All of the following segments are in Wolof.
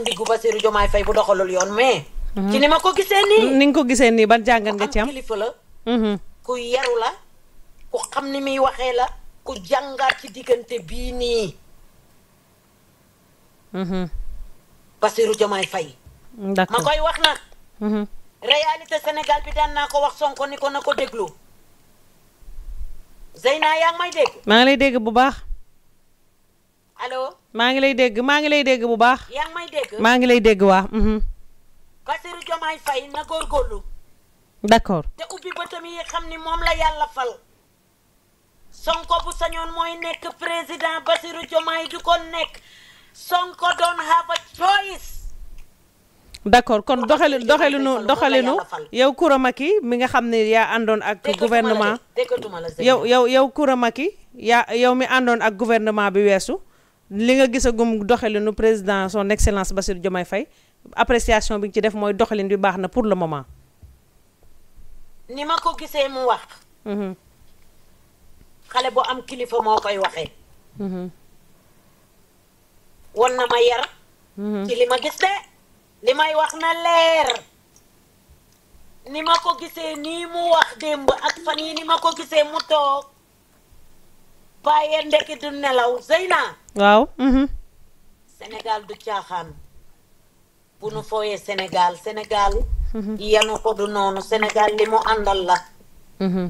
ndiggu Bassirou Diomaye Faye bu doxalul yoon mais. Mhm. ci ni ma ko gisee nii. ni nga ko gisee nii ban jàngat nga ci am kilifa la. Mhm. ku yaru la ku xam ni muy waxee la ku jàngaat ci diggante bii nii. Mhm. Bassirou Diomaye Faye. d'accord ma koy wax nag. réalité Sénégal bi daan naa ko wax Sonko ni ko na ko déglu. Zeyna yaa ngi may dégg. maa lay dégg bu baax. allo. maa ngi lay dégg maa ngi lay dégg bu baax. yaa may dégg. maa ngi lay dégg waa. Bassirou Diomaye Faye te ubbi bëtam xam ni moom la yàlla fal. Sonko sañoon mooy nekk président Bassirou Diomaye du ko nekk Sonko doon have a choice. d'accord kon doxali doxalinu doxalinu yow Coura Macky mi nga xam ne yaa àndoon ak gouvernement yow yow yow Coura Macky yaa yow mi àndoon ak gouvernement bi weesu. li nga gisagum doxalinu président son excellence Bassirou Diomaye Faye appréciation bi nga ci def mooy doxalin bi baax na pour le moment. ni ma ko gisee mu wax. Mhm. xale bu am kilifa moo koy waxee. Mhm. won na ma yar. Mhm. ci li ma gis de li may wax na leer. ni ma ko gisee nii mu wax démb ak fan yi ni ma ko gisee mu toog. bàyyee ndekki du nelaw Zeyna. waaw. Mm-hmm. senegal du caaxaan bu nu fooyee Sénégal Sénégal. Mm-hmm. yanu ko du noonu Sénégal li mu àndal la. Mm-hmm.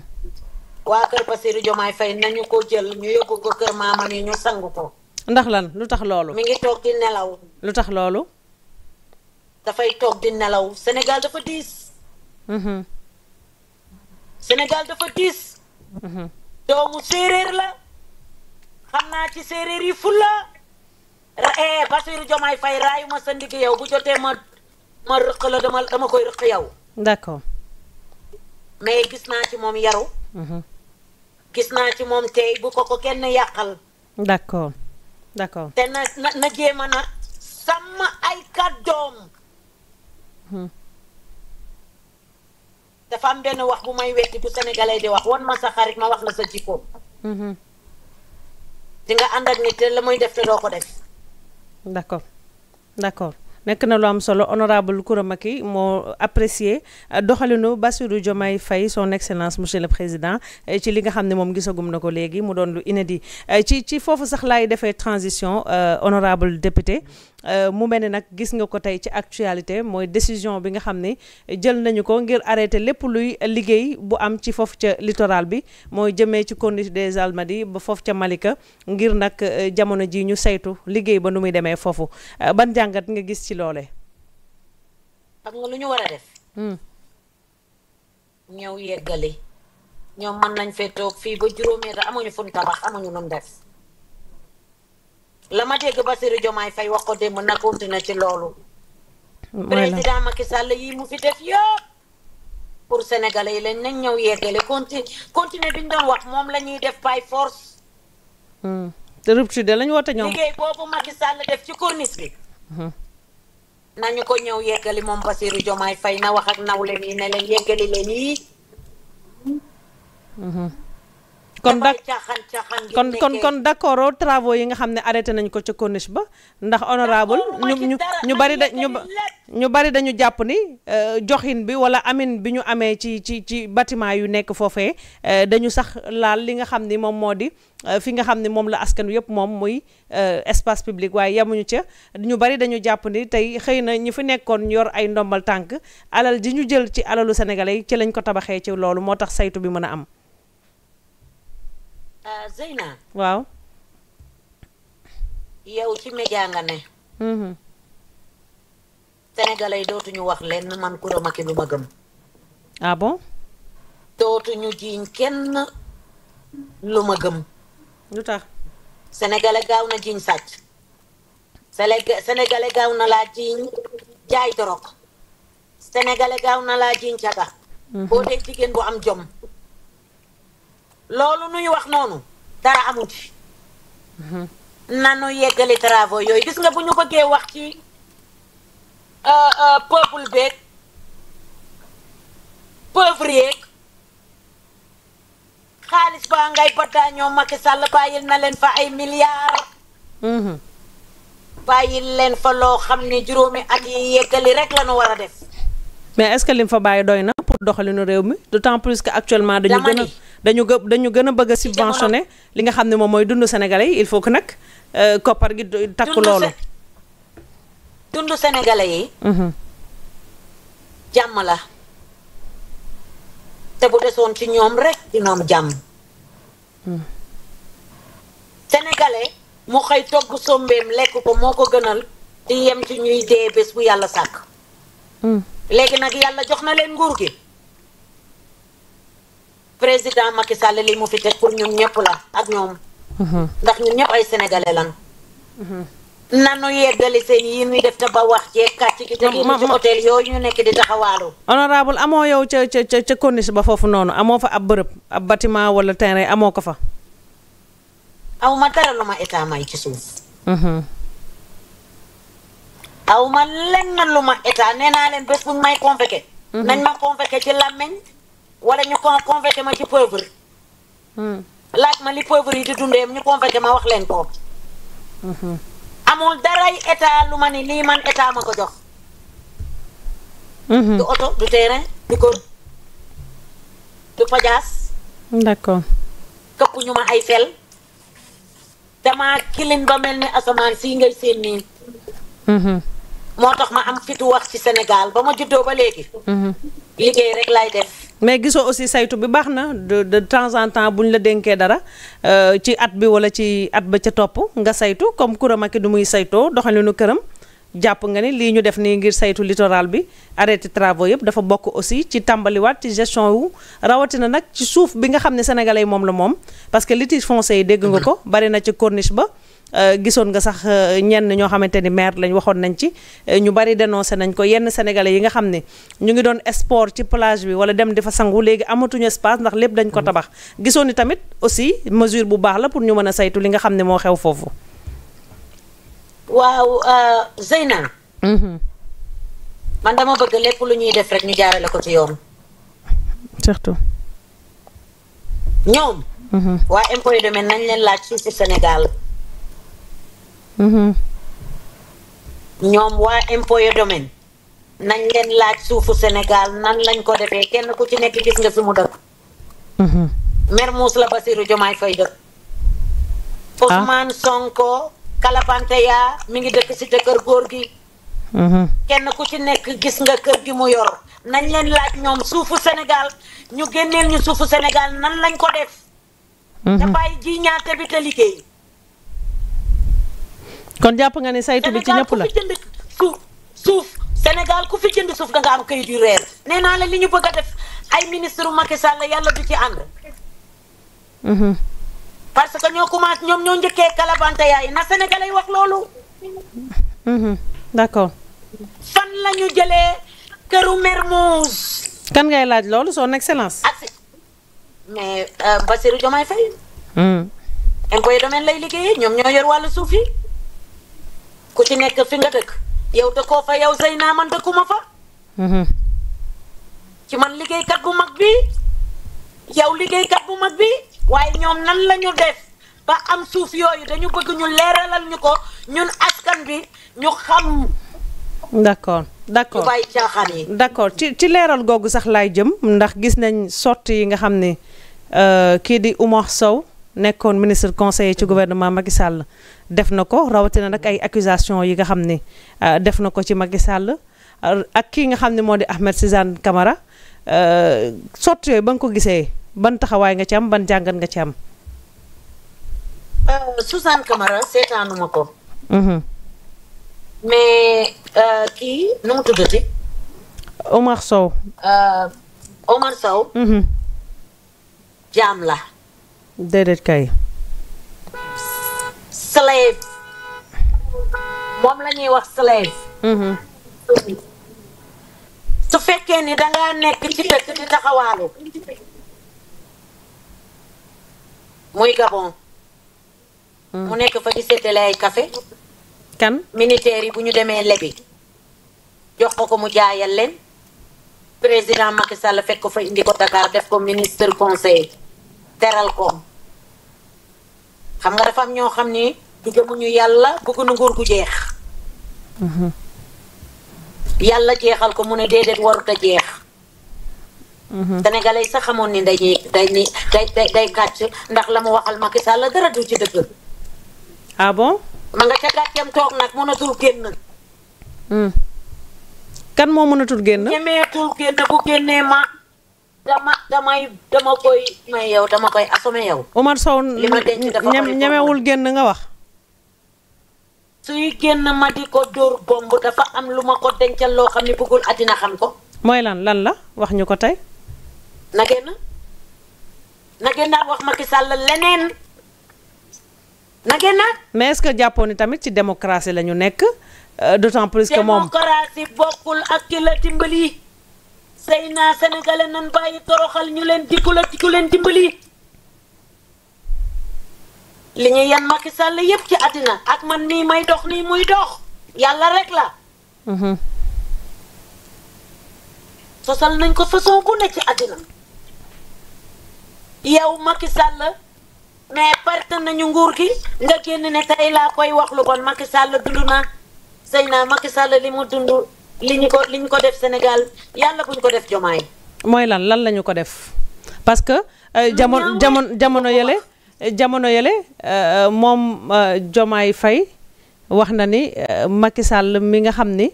waa kër Bassirou Diomaye Faye nañu ko jël ñu yóbbu ko kër maamam yi ñu sang ko. ndax lan lu tax loolu. mi ngi toog di nelaw. lu tax loolu. dafay toog di nelaw senegal dafa diis. Sénégal dafa diis. doomu séeréer la. xam naa ci séeréer yi fulla eh Bassirou Diomaye Faye raayu ma sa ndigg yow bu jotee ma ma rëq la dama dama koy rëq yow. d'accord. mais gis naa ci moom yaru. Mhm. gis naa ci moom tey bu ko ko kenn yàqal. d'accord d'accord. te na na na jéem ay kàddoom. Mhm. dafa am benn wax bu may wetti bu sénégalais di wax wan ma sa xarit ma wax la sa jikkoom. Mhm. di nga ànd ak nit te la mooy def te doo ko def. d' accord d' accord nekk na lu am solo honorable Koura Macky moo apprécié euh, doxalinu Bassirou Diomaye fay son excellence monsieur le président euh, ci li nga xam ne moom gisagum na ko léegi mu doon lu inédit euh, ci ci foofu sax laay defee transition honorable député. Euh, mu mel ne nag gis nga ko tey ci actualité mooy décision bi nga xam ne jël nañu ko ngir arrêté lépp luy liggéey bu am ci foofu ca littoral bi mooy jëmee ci Corniche des Almadies ba foofu ca Malika ngir nag euh, jamono ji ñu saytu liggéey ba nu muy demee foofu euh, ban jàngat nga gis ci loole ak nga lu ñu war def. Hmm. ñëw yeggale ñoom mën nañ fee toog fii ba juróomi amuñu fun tabax amuñu nu def. la ma dégg Bassirou Diomaye fay wax ko démb na continuer ci loolu. président Macky Sall yi mu fi def yëpp. pour sénégalais yi lañ nañ ñëw yeggale continue continuer bi ñu doon wax moom la ñuy def by force. Hmm. te rupture de lañ woote ñoom. liggéey boobu Macky def ci corniche bi. Hmm. nañu ko ñëw yeggali moom Bassirou Diomaye fay na wax ak nawleem yi ne leen yeggali leen yii. Hmm. kon da kon kon kon d' accord travaux yi nga xam ne arrêté nañ ko ca corniche ba ndax honorable ñu ñu bari da ñu ñu bari dañu jàpp ni euh, joxin bi wala amin bi ñu amee ci ci ci bâtiment yu nekk foofee euh, dañu sax laal li nga xam ni moom moo di euh, fi nga xam ne moom la askan yëpp moom muy espace public waaye yemuñu ca ñu bari dañu jàpp ni tey xëy na ñu fi nekkoon yor ay ndombal tànk alal ji ñu jël ci alalu sénégalais ci lañ ko tabaxee ci loolu moo tax saytu bi mën a am Eh, Zeyna. waaw. yow ci média nga ne. Mm-hmm. Sénégalais yi dootuñu wax lenn man Coura Macky lu ma gëm. ah bon. dootuñu jiiñ kenn lu ma gëm. lu tax. Sénégalais gaaw na jiiñ sàcc. Sénégalais gaaw na laa jiiñ jaay dorog. Sénégalais gaaw na laa jiiñ caga. Mm-hmm. boo dee jigéen bu am jom. loolu nuy wax noonu dara amut ci nanu yeggali travaux yooyu gis nga bu ñu bëggee wax ci euh, euh, peuple beeg pauvre yeeg xaalis ba ngay bataa ñoo Macky Sall bàyyil na leen fa ay milliards mhm. bàyyil leen fa loo xam ne juróomi at yi yeggali rek la ñu a def mais est-ce que lim fa bàyyi doy na pour doxalinu réew mi d'autant plus que actuellement dañu gën a dañu gë dañu gën a bëgg a li nga xam ne moom mooy dund sénégalais yi il faut que nag euh, koppar gi takk loolu dund sénégalais yi mhm. jàmm la te bu desoon ci ñoom rek dina am jàmm mhm. sénégalais mu xëy togg sombeem lekk ko moo ko gënal di yem ci ñuy dee bés bu yàlla sàkk mhm. léegi nag yàlla jox na leen nguur gi président Macky Sall li mu fi teg pour ñun ñëpp la ak ñoom. Mhm. ndax ñun ñëpp ay sénégalais lan mhm. nanu yeggali seen yi ñuy def te ba wax cee kàcc gi te ci hôtel yooyu ñu nekk di taxawaalu. honorable amoo yow ca ca ca ba foofu noonu amoo fa ab bërëb ab bâtiment wala terrain amoo ko fa. aw ma dara lu ma état may ci suuf. Mhm. aw ma lenn lu ma état nee leen bés bu may convoqué. nañ ma convoqué ci làmmiñ wala ñu con ma ci pauvre. Hmm. laaj ma li pauvre yi di dundee ñu convoqué ma wax leen ko. Hmm. amul daray état lu ma ni lii man état ma ko jox. Hmm. du oto du terrain du kër du pajaas. d'accord. këpp ñu ma ay fel. damaa kilin ba mel ni asamaan sii ngay seen nii. moo tax ma am fitu wax ci Sénégal ba ma juddoo ba léegi. liggéey rek laay def. mais gisoo aussi saytu bi baax na de de en temps bu ñu la dénkee dara euh, ci at bi wala ci at ba ca topp nga saytu comme Kouramaki du muy saytoo doxalinu këram jàpp nga ni lii ñu def nii ngir saytu littoral bi arrêté travaux yëpp dafa bokk aussi ci tàmbaliwaat ci gestion wu rawatina nag ci suuf bi nga xam ne sénégalais moom la moom parce que litige foncier yi dégg nga ko bari na ci corniche ba. Euh, gisoon nga sax euh, ñenn ñoo xamante ni maire lañ waxoon nañ ci euh, ñu bari dénoncé nañ ko yenn sénégalais yi nga xam ne ñu ngi doon sport ci plage bi wala dem di fa sangu léegi amatuñu espace ndax lépp dañ ko mm-hmm. tabax gisoon ni tamit aussi mesure bu baax la pour ñu mën a saytu li nga xam ne moo xew foofu. waaw Zeyna. Mm-hmm. man dama bëgg lépp lu ñuy def rek ñu jaarale ko ci yoon. surtout. ñoom. Mm-hmm. waa impôt domaine nañ leen laaj fii ci Sénégal. Mm-hmm. ñoom waa impôt et domaine nañ leen laaj suufu Sénégal nan lañ ko defee kenn ku ci nekk gis nga fi mu dëkk mm-hmm. Mermoz la Bassirou Diomaye Faye dëkk ah. Ousmane Sonko kalapante yaa mi ngi dëkk ci kër góor gi mm-hmm. kenn ku ci nekk gis nga kër gi mu yor nañ leen laaj ñoom suufu Sénégal ñu génneel ñu suufu Sénégal nan lañ ko def dafay ji ñaate bi te liggéey kon jàpp nga ne saytu bi ci ñëpp la Sénégal ku suuf Sénégal ku fi jënd suuf da nga am kayit yu reer. nee naa la li ñu bëgg a def ay ministre Macky Sall yàlla du ci ànd. Mhm. parce que ñoo commencé ñoom ñoo njëkkee kalabante yaay na sénégalais wax loolu. Mhm. d'accord. fan la ñu kër u Mermoz. kan ngay laaj loolu son excellence. Ah, mais euh, Bassirou Diomaye Faye. Mhm. impôt domaine lay liggéeyee ñoom ñoo yor wàllu suuf yi. ku ci nekk fi nga dëkk yow dëkkoo fa yow naa man dëkkuma fa. Mm-hmm. ci man liggéeykat bu mag bi yow liggéeykat bu mag bi waaye ñoom nan lañu ñu def ba am suuf yooyu dañu bëgg ñu leeralal ñu ko ñun askan bi ñu xam. d'accord d'accord d'accord ci ci leeral googu sax laay jëm ndax gis nañ sotti yi nga xam ne euh, kii di Umar Sow. nekkoon ministre conseiller ci gouvernement Macky Sall def na ko rawatina nag ay accusation yi nga xam ne euh, def na ko ci Macky Sall euh, ak kii nga xam ne moo di Ahmed Suzanne Camara euh, sotti yooyu ba nga ko gisee ban taxawaay nga ci am ban jàngat nga ci am. Suzanne Camara seetaanuma ko. Mm-hmm. mais kii nu mu tuddati. Omar Sow. Omar Sow. Mm-hmm. jaam la. déedéet kay. slave. moom la ñuy wax slave. Mhm. su fekkee ni da nekk ci dëkk di taxawaalu. muy Gabon. Mhm. mu nekk fa di séddale ay kafe kan militaires yi bu ñu demee lebi. jox ko ko mu jaayal leen. président Macky Sall fekk ko fa indi ko Dakar def ko ministre conseil. teral ko xam nga dafa am ñoo xam ni du gëmuñu yàlla bëgguñu nguur gu jeex mhm. yàlla jeexal ko mu ne déedéet warut a jeex mhm. sénégalais sax xamoon ni dañuy day day day gàcc ndax la mu waxal Macky Sall dara du ci dëgg ah bon ma nga ca gàcceem toog nag mënatul génn hmm. kan moo mënatul génn ñemeetul génn bu génnee ma dama damay dama koy may yow dama koy assomé yow. Omar Sow li ma denc dafa ñemewul génn nga wax. suy génn ma di ko dóor bomb dafa am lu ma ko dencal loo xam ne bëggul àddina xam ko. mooy lan lan la wax ñu ko tey. na génn na génnaat wax Macky sàll leneen na génnaat. mais est-ce que jàppoon ni tamit ci démocratie la ñu nekk euh, d'autant plus moom. démocratie bokkul ak ki la say naa sénégalais nan bàyyi toroxal ñu leen di ku la ku leen dimbali. li ñu yan makki sàll yëpp ci àddina ak man nii may dox nii muy dox yàlla rek la. Mhm. sosal nañ ko façon ku ci àddina. yow Macky sàll mais perte nañu nguur gi nga génn ne tey laa koy wax lu bon Macky Sall dund naa sëy naa Macky Sall li mu dund. li ñu ko li ñu ko def Sénégal yàlla buñ ko def jomaay. mooy lan lan la ñu ko def parce que. Euh, jamono jamono jamono yële jamono yële euh, moom jomaay euh, fay wax na ni Macky Sall mi nga xam ni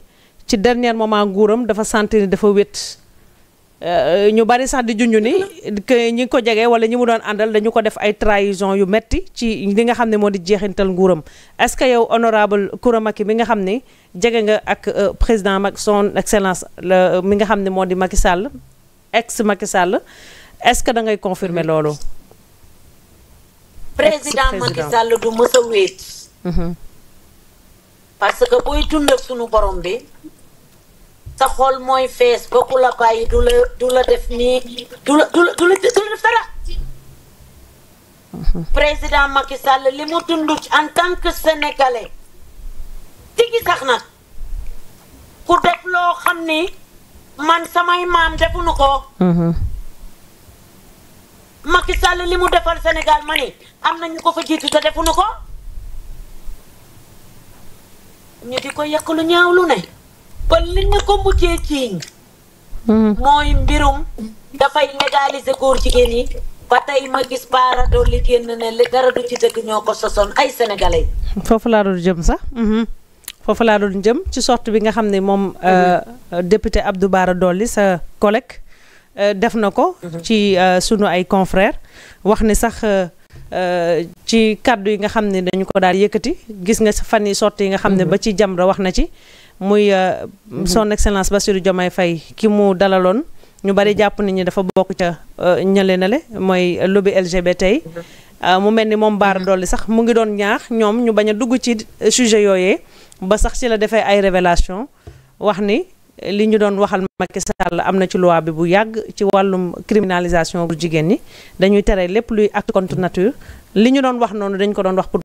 ci dernier moment nguuram dafa sentir ni dafa wét. Euh, ñu bari sax di junj ni que ñi ko jege wala ñi mu doon àndal dañu ko def ay trahison yu metti ci li nga xam ne moo di jeexintal nguuram est-ce que yow honorable Kouramaki mi nga xam ni jege nga ak euh, président mag son excellence la mi nga xam ne moo di Macky Sall ex Macky sàll est-ce que da ngay confirmer loolu. président Macky Sall du mës wéet. Mhm. parce que booy dund ak sunu borom bi. sa xol mooy fees ba ku la bàyyi du la def nii du la du la du la def dara. Mhm. président Macky li mu dund en tant que sénégalais tigi sax nag ku def loo xam ni man samay maam defuñu ko. Mhm. Macky Sall li mu defal Sénégal ma ni am na ñu ko fa jiitu te defuñu ko ñu di ko yàq lu ñaaw lu ne. kon li ñu ko mujjee ciiñ hmm. mooy mbirum dafay légaliser góor jigéen yi ba tey ma gis paradoo li génn ne li dara du ci dëgg ñoo ko sosoon ay sénégalais. foofu laa doon jëm sax mhm. foofu laa doon jëm ci sorte bi nga xam ne moom mhm. euh, euh, député Abdou Bara Dolly sa collègue euh, def na ko mhm. ci sunu ay confrères wax ne sax ci kàddu yi nga xam ne dañu ko daal yëkkati gis nga fan yi sorti yi nga xam ne ba ci Jamra wax na ci muy euh, son excellence Bassirou Diomaye fay ki mu dalaloon ñu bari jàpp nañu dafa bokk ca euh, ñale nale mooy lobby LGBT yi euh, mu mel ni moom baara mhm. dolli sax mu ngi doon ñaax ñoom ñu bañ a dugg ci sujet yooyee ba sax ci la defee ay révélation wax ni li ñu doon waxal Macky Sall am na ci loi bi bu yàgg ci wàllum criminalisation bu jigéen ñi dañuy tere lépp luy acte contre nature li ñu doon wax noonu dañ ko doon wax pour